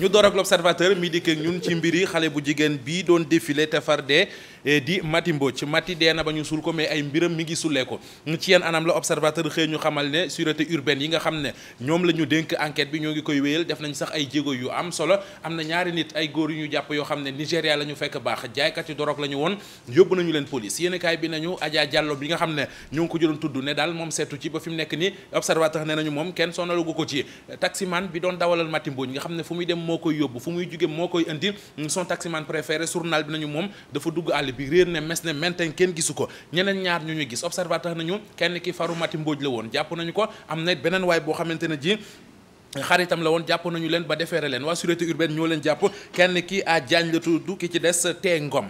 ñu door ak l'observateur mi dikk ñun ci mbiri xale bu jigéen bii doon défilé te far dee Eh, di Mati Mbodj Mati dee na ba ñu suul ko mais ay mbiram mi ngi sulee ko ci yenn anam la observateur xëy ñu xamal ne sûreté urbaine yi nga xam ne ñoom la ñu dénk enquête bi ñoo ngi koy wéyal def nañ sax ay jéego yu am solo am na ñaari nit ay góor yu ñu jàpp yoo xam ne Nigéria la ñu fekk baax jaaykat yu dorog la ñu woon yóbbu nañu leen police yéenekaay bi nañu Adja Diallo bi nga xam ne ñoo ngi ko jëloon tudd ne daal moom seetu ci ba fi nekk ni observateur ko ci taximan bi doon dawalal Mati dem moo koy yóbbu fu moo koy indi son taximan préféré Sénégal bi réer ne mes ne menten kenn gisu ko ñeneen ñaar ñu ñu gis observateur nañu kenn ki faru mbooj la woon jàpp nañu ko am na beneen waay boo xamante ne ji xaritam la woon jàpp nañu leen ba defeere leen waa sûreté urbaine ñoo leen jàpp kenn ki a Diagne la tudd ki ci des tee ngoom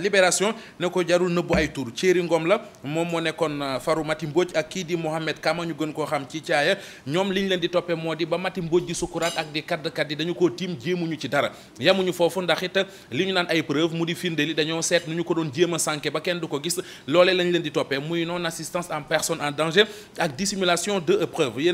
libération ne ko jarul nëbbu ay tur Thierry ngoom la moom moo nekkoon euh, faru Mati Mbodj ak kii di Mohamed Kama ñu gën koo xam ci caaya ñoom liñ leen di toppee moo di ba Mati Mbodj di sukkuraat ak di kaddkat yi dañu ko tiim jéemuñu ci dara yemuñu foofu ndax it li ñu naan ay preuve mu di firnde dañoo seet nu ñu ko doon jéem a kenn du ko gis loolee lañ leen di toppee muy non assistance en personne en danger ak dissimulation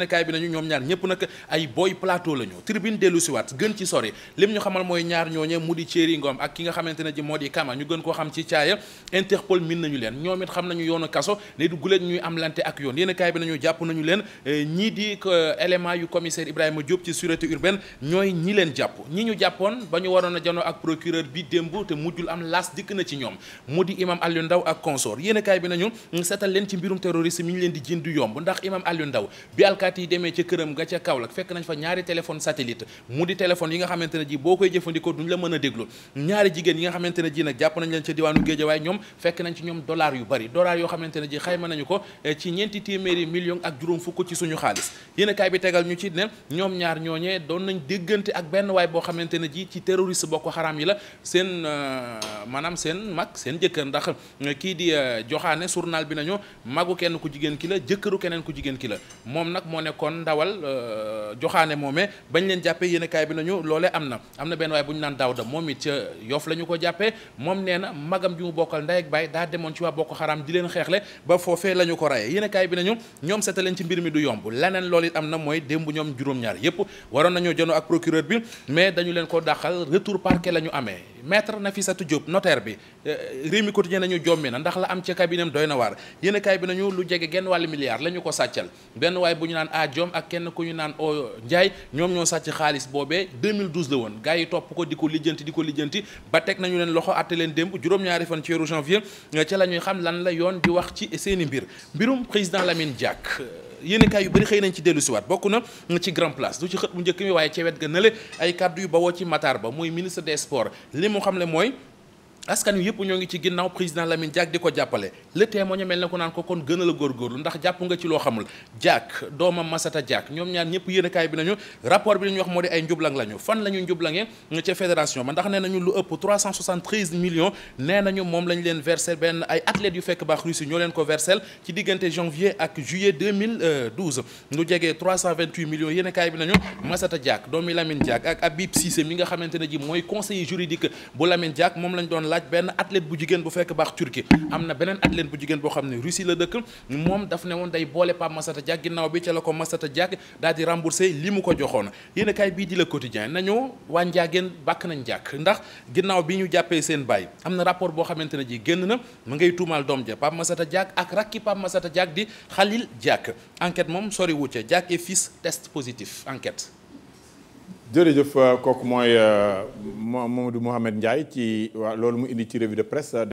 kaay bi nañu ñoom ñaar ñëpp nag ay ay boy plateau la tribune dellu si gën ci sori lim ñu xamal mooy ñaar ñooñe mu di Thierry ak ki nga xamante ne ji moo di Kama ñu gën koo xam ci caaya Interpol min nañu leen ñoom xam nañu yoonu kaso ne du guleet ñuy am lante ak yoon yéen bi nañu jàpp nañu leen eh, ñii di eh, élément yu commissaire Ibrahima Diop ci sûreté urbaine ñooy ñi leen jàpp ñi ñu jàppoon ba ñu waroon a janoo ak procureur bi démb te mujjul am las dikk na ci ñoom mu di imam nañ fa ñaari téléphone satellite mu di téléphone yi nga xamante ne ji boo koy jëfandikoo duñ la mën a déglu ñaari jigéen yi nga xamante ji nag jàpp nañ leen ca diwaanu Géejawaay ñoom fekk nañ ci ñoom dollar yu bari dollar yoo xamante ji xayma nañu ko eh, ci ñeenti téeméeri million ak juróom fukk ci suñu xaalis yéen bi tegal ñu ci ne ñoom ñaar ñooñee doon nañ déggante ak benn waay boo xamante ne ji ci terroriste bokk xaraam yi la seen euh, maanaam seen mag seen jëkkër ndax eh, kii di euh, joxaane journal bi nañu magu kenn ku jigéen ki la jëkkëru ku jigéen ki la joxaane moomee bañ leen jàppee yéen a kaay bi nañu loolee am na am na benn waaye bu ñu naan Daawda moom it Yoff la ñu ko jàppee moom nee magam ji bokkal ndey ak baay daa demoon ci waa bokk xaraam di leen xeexle ba foofee la ñu ko rayee yéen bi nañu ñoom seeta leen ci mbir mi du yomb leneen loolu it am na mooy démb ñoom juróom-ñaar yépp waroon nañoo jono ak procureur bi mais dañu leen ko dàqal retour parquet la ñu amee maître Nafissatou Diop notaire bi euh, Rewmi na ndax la am ci cabinet doy na waar yéen a kaay bi nañu lu jege genn wàllu milliard la ñu ko sàccal benn waaye bu ñu naan a jom ak kenn ku ñu naan o Ndiaye ñoom ñoo sàcc xaalis boobee 2012 la woon gars yi topp ko di ko lijjanti di ko lijjanti ba teg nañu leen loxo àtte leen démb juróom-ñaari fan ci weeru janvier ca la ñuy xam lan la yoon di wax ci seeni mbir mbirum président Lamine Diack euh, yéenekaay yu bëri xëy nañ ci dellu siwaat bokk na ci grand place du ci xët bu njëkk mi waaye ca wet ga nale ay kàddu yu bawoo ci Matar Ba mooy ministre des sports li mu xam le mooy askan wi yëpp ñoo ngi ci ginnaaw président Lamine Diack di ko jàppale le témoin mel na ko naan ko kon gën a la ndax jàpp nga ci loo xamul Diack doomam Massata Diack ñoom ñaar ñëpp yéenekaay kaay bi la ñuy la ñu njublangee ca fédération ba ndax nee nañu lu ëpp 373 millions nee nañu moom lañ leen versé benn ay bi nañu Massata Diack doomi Lamine Diack ak Habib Cissé mi nga xamante ne ji mooy conseiller juridique bu Lamine Diack moom lañ doon laaj benn athlète bu jigéen bu fekk baax Turquie am na beneen athlète bu jigéen boo xam ne Russie la dëkk moom daf ne woon day boole Pape Massata Diack ginnaaw bi ca la ko Massata Diack daal di remboursé li mu ko joxoon yéen a kaay bii di la quotidien nañu waa Ndiageen bàkk nañ jàkk ndax ginnaaw bi ñu jàppee seen baay am na rapport boo xamante ne ji génn na mu ngay tuumaal doom ja Pape Massata Diack ak rakki Pape Massata Diack di Khalil jàkk enquête moom sori wu ca Diack et fils test jërëjëf kooku mooy euh, Mamadou Mouhamed Ndiaye ci waa loolu mu indi ci revue de presse.